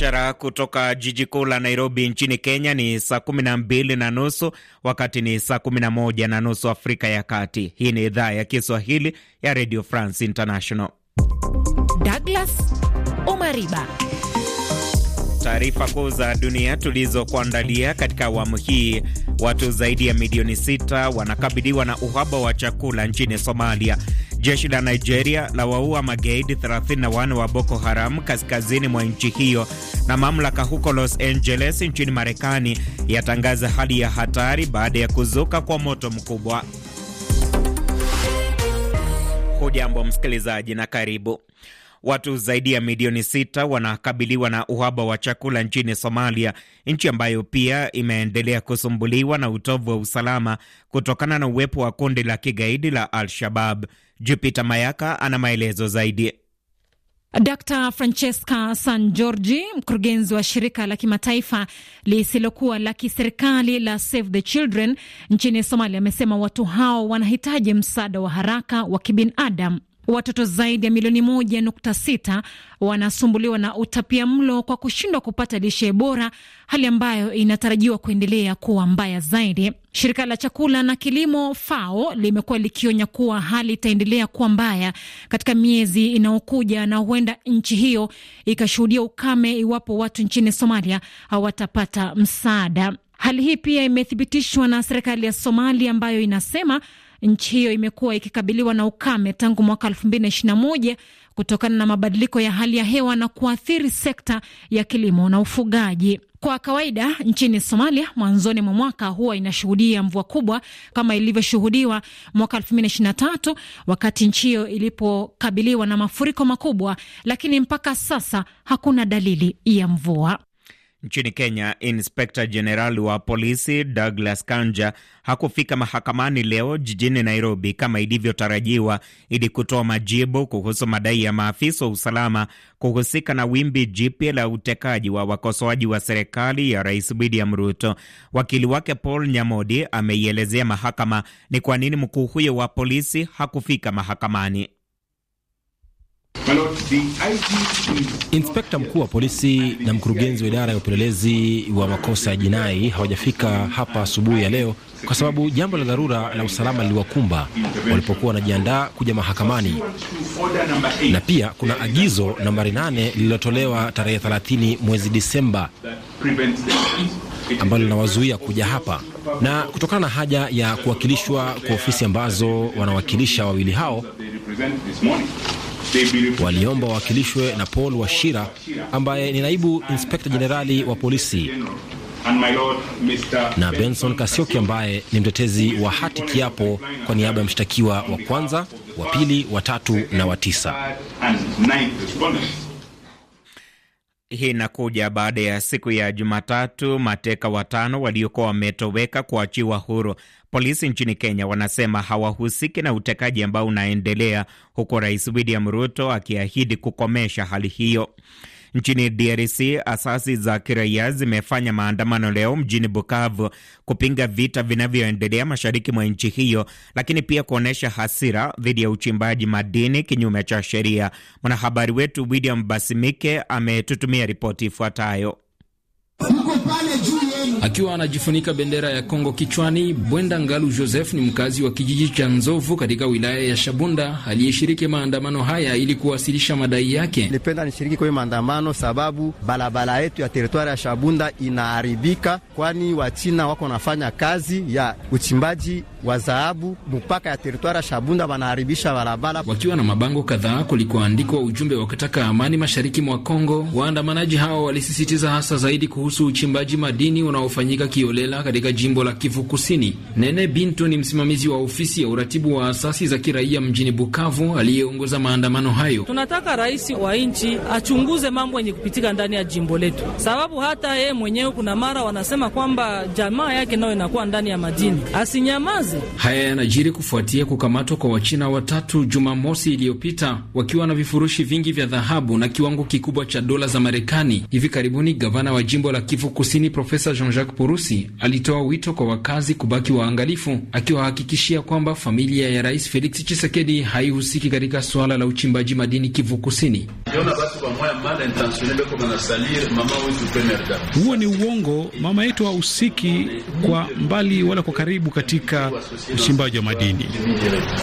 mubashara kutoka jiji kuu la Nairobi nchini Kenya. Ni saa kumi na mbili na nusu wakati ni saa kumi na moja na nusu Afrika ya Kati. Hii ni idhaa ya Kiswahili ya Radio France International. Douglas Omariba, taarifa kuu za dunia tulizokuandalia katika awamu hii. Watu zaidi ya milioni sita wanakabiliwa na uhaba wa chakula nchini Somalia. Jeshi la Nigeria la waua magaidi 31 wa Boko Haram kaskazini mwa nchi hiyo, na mamlaka huko Los Angeles nchini Marekani yatangaza hali ya hatari baada ya kuzuka kwa moto mkubwa. Hujambo msikilizaji na karibu. Watu zaidi ya milioni sita wanakabiliwa na uhaba wa chakula nchini Somalia, nchi ambayo pia imeendelea kusumbuliwa na utovu wa usalama kutokana na uwepo wa kundi la kigaidi la Al-Shabab. Jupiter Mayaka ana maelezo zaidi. Dr Francesca San Giorgi, mkurugenzi wa shirika la kimataifa lisilokuwa la kiserikali la Save the Children nchini Somalia, amesema watu hao wanahitaji msaada wa haraka wa kibinadamu watoto zaidi ya milioni moja nukta sita wanasumbuliwa na utapia mlo kwa kushindwa kupata lishe bora, hali ambayo inatarajiwa kuendelea kuwa mbaya zaidi. Shirika la chakula na kilimo FAO limekuwa likionya kuwa hali itaendelea kuwa mbaya katika miezi inayokuja na huenda nchi hiyo ikashuhudia ukame iwapo watu nchini Somalia hawatapata msaada. Hali hii pia imethibitishwa na serikali ya Somalia ambayo inasema Nchi hiyo imekuwa ikikabiliwa na ukame tangu mwaka 2021 kutokana na mabadiliko ya hali ya hewa na kuathiri sekta ya kilimo na ufugaji. Kwa kawaida nchini Somalia mwanzoni mwa mwaka huwa inashuhudia mvua kubwa kama ilivyoshuhudiwa mwaka 2023 wakati nchi hiyo ilipokabiliwa na mafuriko makubwa, lakini mpaka sasa hakuna dalili ya mvua. Nchini Kenya, inspekta jenerali wa polisi Douglas Kanja hakufika mahakamani leo jijini Nairobi kama ilivyotarajiwa ili kutoa majibu kuhusu madai ya maafisa wa usalama kuhusika na wimbi jipya la utekaji wa wakosoaji wa serikali ya Rais William Ruto. Wakili wake Paul Nyamodi ameielezea mahakama ni kwa nini mkuu huyo wa polisi hakufika mahakamani. Inspekta mkuu wa polisi na mkurugenzi wa idara ya upelelezi wa makosa ya jinai hawajafika hapa asubuhi ya leo kwa sababu jambo la dharura la usalama liliwakumba walipokuwa wanajiandaa kuja mahakamani, na pia kuna agizo nambari 8 lililotolewa tarehe 30 mwezi Disemba ambalo linawazuia kuja hapa, na kutokana na haja ya kuwakilishwa kwa ofisi ambazo wanawakilisha wawili hao Waliomba wawakilishwe na Paul Washira ambaye ni naibu inspekta jenerali wa polisi na Benson Kasioki ambaye ni mtetezi wa hati kiapo kwa niaba ya mshtakiwa wa kwanza, wa pili, wa tatu na wa tisa. Hii inakuja baada ya siku ya Jumatatu mateka watano waliokuwa wametoweka kuachiwa huru. Polisi nchini Kenya wanasema hawahusiki na utekaji ambao unaendelea, huku Rais William Ruto akiahidi kukomesha hali hiyo. Nchini DRC asasi za kiraia zimefanya maandamano leo mjini Bukavu kupinga vita vinavyoendelea mashariki mwa nchi hiyo, lakini pia kuonyesha hasira dhidi ya uchimbaji madini kinyume cha sheria. Mwanahabari wetu William Basimike ametutumia ripoti ifuatayo. Akiwa anajifunika bendera ya Kongo kichwani, Bwenda Ngalu Joseph ni mkazi wa kijiji cha Nzovu katika wilaya ya Shabunda aliyeshiriki maandamano haya ili kuwasilisha madai yake. Nipenda nishiriki kwenye maandamano sababu barabara yetu ya teritwari ya Shabunda inaharibika, kwani Wachina wako wanafanya kazi ya uchimbaji wa mupaka mpaka ya teritwari ya Shabunda wanaharibisha barabara. Wakiwa na mabango kadhaa kulikoandikwa ujumbe wa kutaka amani mashariki mwa Kongo, waandamanaji hao walisisitiza hasa zaidi kuhusu uchimbaji madini unaofanyika kiolela katika jimbo la Kivu Kusini. Nene Bintu ni msimamizi wa ofisi ya uratibu wa asasi za kiraia mjini Bukavu aliyeongoza maandamano hayo. Tunataka rais wa nchi achunguze mambo yenye kupitika ndani ya jimbo letu, sababu hata yeye mwenyewe kuna mara wanasema kwamba jamaa yake nayo inakuwa ndani ya madini, asinyamaze Haya yanajiri kufuatia kukamatwa kwa Wachina watatu Jumamosi iliyopita wakiwa na vifurushi vingi vya dhahabu na kiwango kikubwa cha dola za Marekani. Hivi karibuni gavana wa jimbo la Kivu Kusini Profesa Jean-Jacques Purusi alitoa wito kwa wakazi kubaki waangalifu, akiwahakikishia kwamba familia ya Rais Felix Tshisekedi haihusiki katika suala la uchimbaji madini Kivu Kusini. Huo ni uongo, mama yetu hahusiki kwa mbali wala kwa karibu katika uchimbaji wa madini.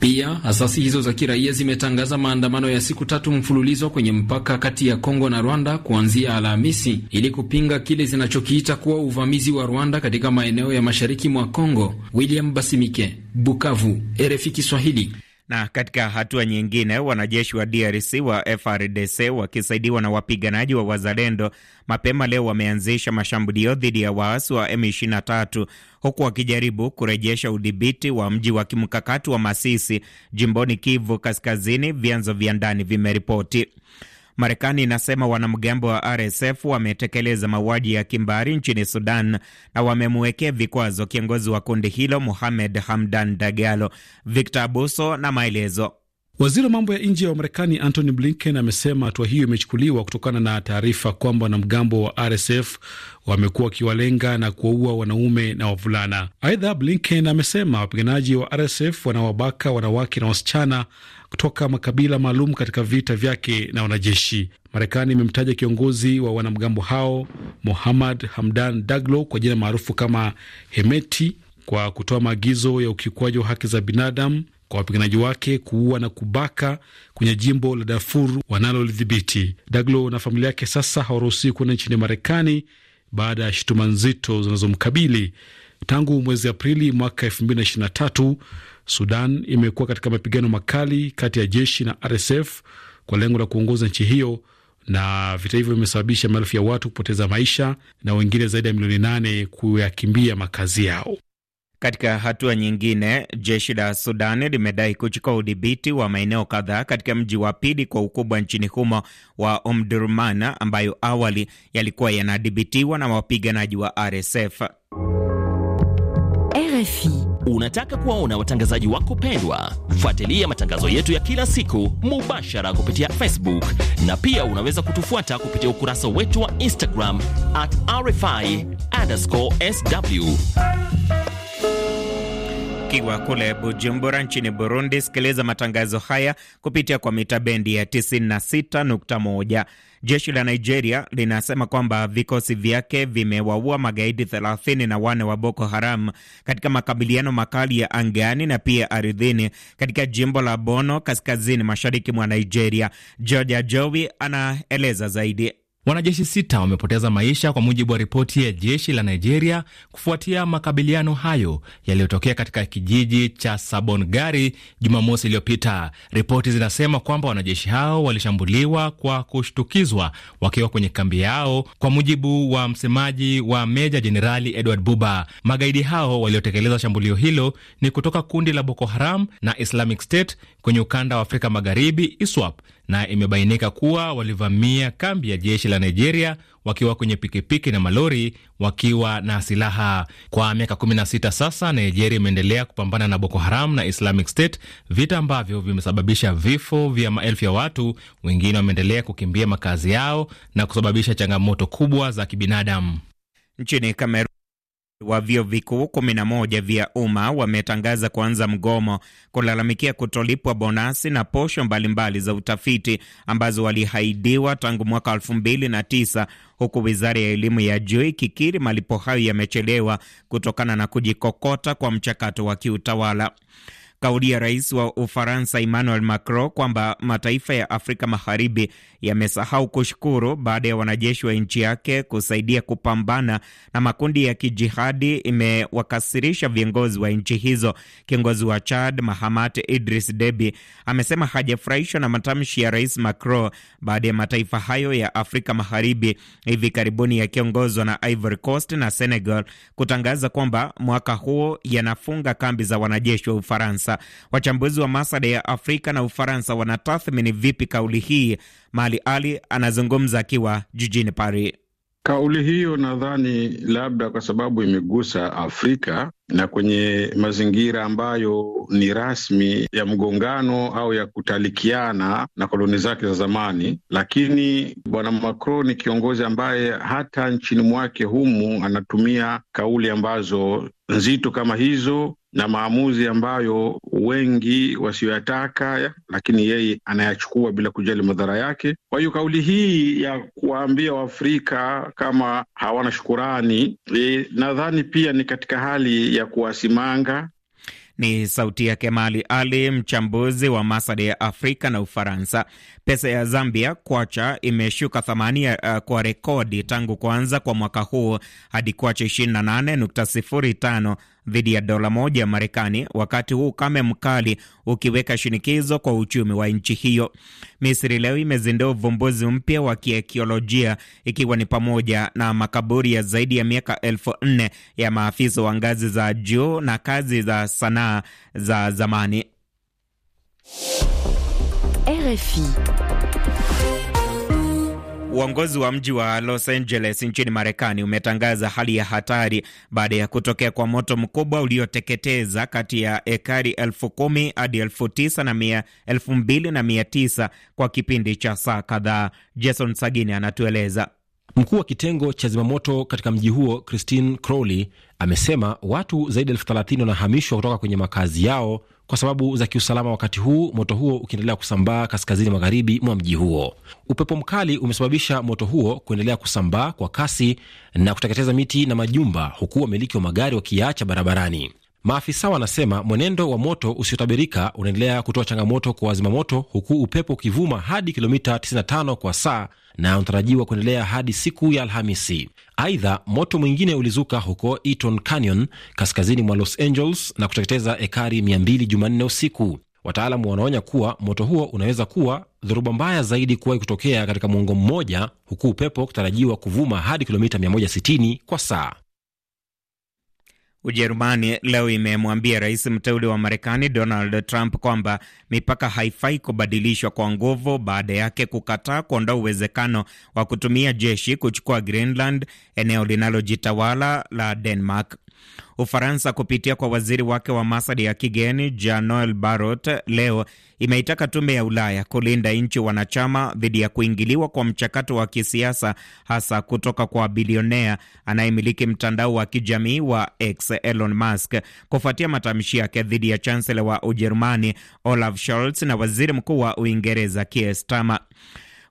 Pia asasi hizo za kiraia zimetangaza maandamano ya siku tatu mfululizo kwenye mpaka kati ya Kongo na Rwanda kuanzia Alhamisi ili kupinga kile zinachokiita kuwa uvamizi wa Rwanda katika maeneo ya mashariki mwa Kongo. William Basimike, Bukavu, RFI Kiswahili. Na katika hatua nyingine, wanajeshi wa DRC wa FRDC wakisaidiwa na wapiganaji wa Wazalendo mapema leo wameanzisha mashambulio dhidi ya waasi wa M23 huku wakijaribu kurejesha udhibiti wa mji wa kimkakati wa Masisi jimboni Kivu Kaskazini, vyanzo vya ndani vimeripoti. Marekani inasema wanamgambo wa RSF wametekeleza mauaji ya kimbari nchini Sudan na wamemwekea vikwazo kiongozi wa kundi hilo Mohamed Hamdan Dagalo. Victor Abuso na maelezo Waziri wa mambo ya nje wa Marekani Antony Blinken amesema hatua hiyo imechukuliwa kutokana na taarifa kwamba wanamgambo wa RSF wamekuwa wakiwalenga na kuwaua wanaume na wavulana. Aidha, Blinken amesema wapiganaji wa RSF wanawabaka wanawake na wasichana kutoka makabila maalum katika vita vyake na wanajeshi. Marekani imemtaja kiongozi wa wanamgambo hao Mohamad Hamdan Daglo kwa jina maarufu kama Hemeti kwa kutoa maagizo ya ukiukwaji wa haki za binadamu kwa wapiganaji wake kuua na kubaka kwenye jimbo la Darfur wanalolidhibiti. Daglo na familia yake sasa hawaruhusiwi kuenda nchini Marekani baada ya shutuma nzito zinazomkabili. Tangu mwezi Aprili mwaka 2023 Sudan imekuwa katika mapigano makali kati ya jeshi na RSF kwa lengo la kuongoza nchi hiyo, na vita hivyo vimesababisha maelfu ya watu kupoteza maisha na wengine zaidi ya milioni nane kuyakimbia makazi yao. Katika hatua nyingine, jeshi la Sudani limedai kuchukua udhibiti wa maeneo kadhaa katika mji wa pili kwa ukubwa nchini humo wa Omdurman, ambayo awali yalikuwa yanadhibitiwa na wapiganaji wa RSF. RFI. Unataka kuwaona watangazaji wako pendwa? Fuatilia matangazo yetu ya kila siku mubashara kupitia Facebook na pia unaweza kutufuata kupitia ukurasa wetu wa Instagram at RFI_sw ukiwa kule Bujumbura nchini Burundi, sikiliza matangazo haya kupitia kwa mita bendi ya 96.1. Jeshi la Nigeria linasema kwamba vikosi vyake vimewaua magaidi 34 wa Boko Haram katika makabiliano makali ya angani na pia ardhini katika jimbo la Bono, kaskazini mashariki mwa Nigeria. Georgia Jowi anaeleza zaidi. Wanajeshi sita wamepoteza maisha kwa mujibu wa ripoti ya jeshi la Nigeria kufuatia makabiliano hayo yaliyotokea katika kijiji cha Sabongari Jumamosi iliyopita. Ripoti zinasema kwamba wanajeshi hao walishambuliwa kwa kushtukizwa wakiwa kwenye kambi yao, kwa mujibu wa msemaji wa Meja Jenerali Edward Buba. Magaidi hao waliotekeleza shambulio hilo ni kutoka kundi la Boko Haram na Islamic State kwenye ukanda wa Afrika Magharibi ISWAP na imebainika kuwa walivamia kambi ya jeshi la Nigeria wakiwa kwenye pikipiki na malori wakiwa na silaha. Kwa miaka 16 sasa, Nigeria imeendelea kupambana na Boko Haram na Islamic State, vita ambavyo vimesababisha vifo vya maelfu ya watu, wengine wameendelea kukimbia makazi yao na kusababisha changamoto kubwa za kibinadamu nchini Kamerun wa vyuo vikuu 11 vya umma wametangaza kuanza mgomo kulalamikia kutolipwa bonasi na posho mbalimbali za utafiti ambazo walihaidiwa tangu mwaka tisa huku wizara ya elimu ya juu ikikiri malipo hayo yamechelewa kutokana na kujikokota kwa mchakato wa kiutawala kauli ya rais wa Ufaransa Emmanuel Macron kwamba mataifa ya Afrika Magharibi yamesahau kushukuru baada ya wanajeshi wa nchi yake kusaidia kupambana na makundi ya kijihadi imewakasirisha viongozi wa nchi hizo. Kiongozi wa Chad Mahamat Idris Deby amesema hajafurahishwa na matamshi ya rais Macron baada ya mataifa hayo ya Afrika Magharibi hivi karibuni yakiongozwa na Ivory Coast na Senegal kutangaza kwamba mwaka huo yanafunga kambi za wanajeshi wa Ufaransa. Ufaransa. Wachambuzi wa masada ya Afrika na Ufaransa wanatathmini vipi kauli hii? Mali Ali anazungumza akiwa jijini Paris. Kauli hiyo nadhani labda kwa sababu imegusa Afrika na kwenye mazingira ambayo ni rasmi ya mgongano au ya kutalikiana na koloni zake za zamani. Lakini bwana Macron ni kiongozi ambaye hata nchini mwake humu anatumia kauli ambazo nzito kama hizo na maamuzi ambayo wengi wasioyataka, lakini yeye anayachukua bila kujali madhara yake. Kwa hiyo kauli hii ya kuwaambia Waafrika kama hawana shukurani e, nadhani pia ni katika hali ya kuwasimanga. Ni sauti yake mali Ali, mchambuzi wa masuala ya Afrika na Ufaransa. Pesa ya Zambia kwacha imeshuka thamani uh, kwa rekodi tangu kuanza kwa mwaka huu hadi kwacha 28.05 dhidi ya dola moja ya Marekani, wakati huu ukame mkali ukiweka shinikizo kwa uchumi wa nchi hiyo. Misri leo imezindua uvumbuzi mpya wa kiakiolojia ikiwa ni pamoja na makaburi ya zaidi ya miaka elfu nne ya maafisa wa ngazi za juu na kazi za sanaa za zamani. RFI. Uongozi wa mji wa Los Angeles nchini Marekani umetangaza hali ya hatari baada ya kutokea kwa moto mkubwa ulioteketeza kati ya ekari elfu kumi hadi elfu tisa na mia elfu mbili na mia tisa kwa kipindi cha saa kadhaa. Jason Sagini anatueleza. Mkuu wa kitengo cha zimamoto katika mji huo Christine Crowley amesema watu zaidi ya elfu thelathini wanahamishwa kutoka kwenye makazi yao kwa sababu za kiusalama, wakati huu moto huo ukiendelea kusambaa kaskazini magharibi mwa mji huo. Upepo mkali umesababisha moto huo kuendelea kusambaa kwa kasi na kuteketeza miti na majumba, huku wamiliki wa magari wakiyaacha barabarani. Maafisa wanasema mwenendo wa moto usiotabirika unaendelea kutoa changamoto kwa wazimamoto, huku upepo ukivuma hadi kilomita 95 kwa saa na unatarajiwa kuendelea hadi siku ya Alhamisi. Aidha, moto mwingine ulizuka huko Eaton Canyon kaskazini mwa Los Angeles na kuteketeza ekari 200 Jumanne usiku. Wataalamu wanaonya kuwa moto huo unaweza kuwa dhoruba mbaya zaidi kuwahi kutokea katika mwongo mmoja, huku upepo kutarajiwa kuvuma hadi kilomita 160 kwa saa. Ujerumani leo imemwambia rais mteule wa Marekani Donald Trump kwamba mipaka haifai kubadilishwa kwa nguvu baada yake kukataa kuondoa uwezekano wa kutumia jeshi kuchukua Greenland, eneo linalojitawala la Denmark. Ufaransa kupitia kwa waziri wake wa masada ya kigeni Jean Noel Barrot leo imeitaka tume ya Ulaya kulinda nchi wanachama dhidi ya kuingiliwa kwa mchakato wa kisiasa hasa kutoka kwa bilionea anayemiliki mtandao wa kijamii wa X Elon Musk, kufuatia matamshi yake dhidi ya chansela wa Ujerumani Olaf Scholz na waziri mkuu wa Uingereza Keir Starmer.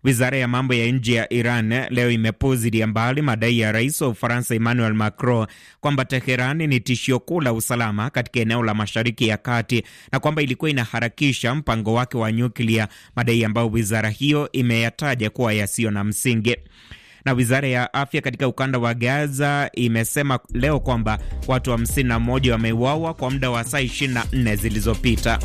Wizara ya mambo ya nje ya Iran eh, leo imepuzilia mbali madai ya rais wa Ufaransa Emmanuel Macron kwamba Teherani ni tishio kuu la usalama katika eneo la Mashariki ya Kati na kwamba ilikuwa inaharakisha mpango wake wa nyuklia, madai ambayo wizara hiyo imeyataja kuwa yasiyo na msingi na wizara ya afya katika ukanda wa Gaza imesema leo kwamba watu 51 wameuawa kwa muda wa saa 24 zilizopita.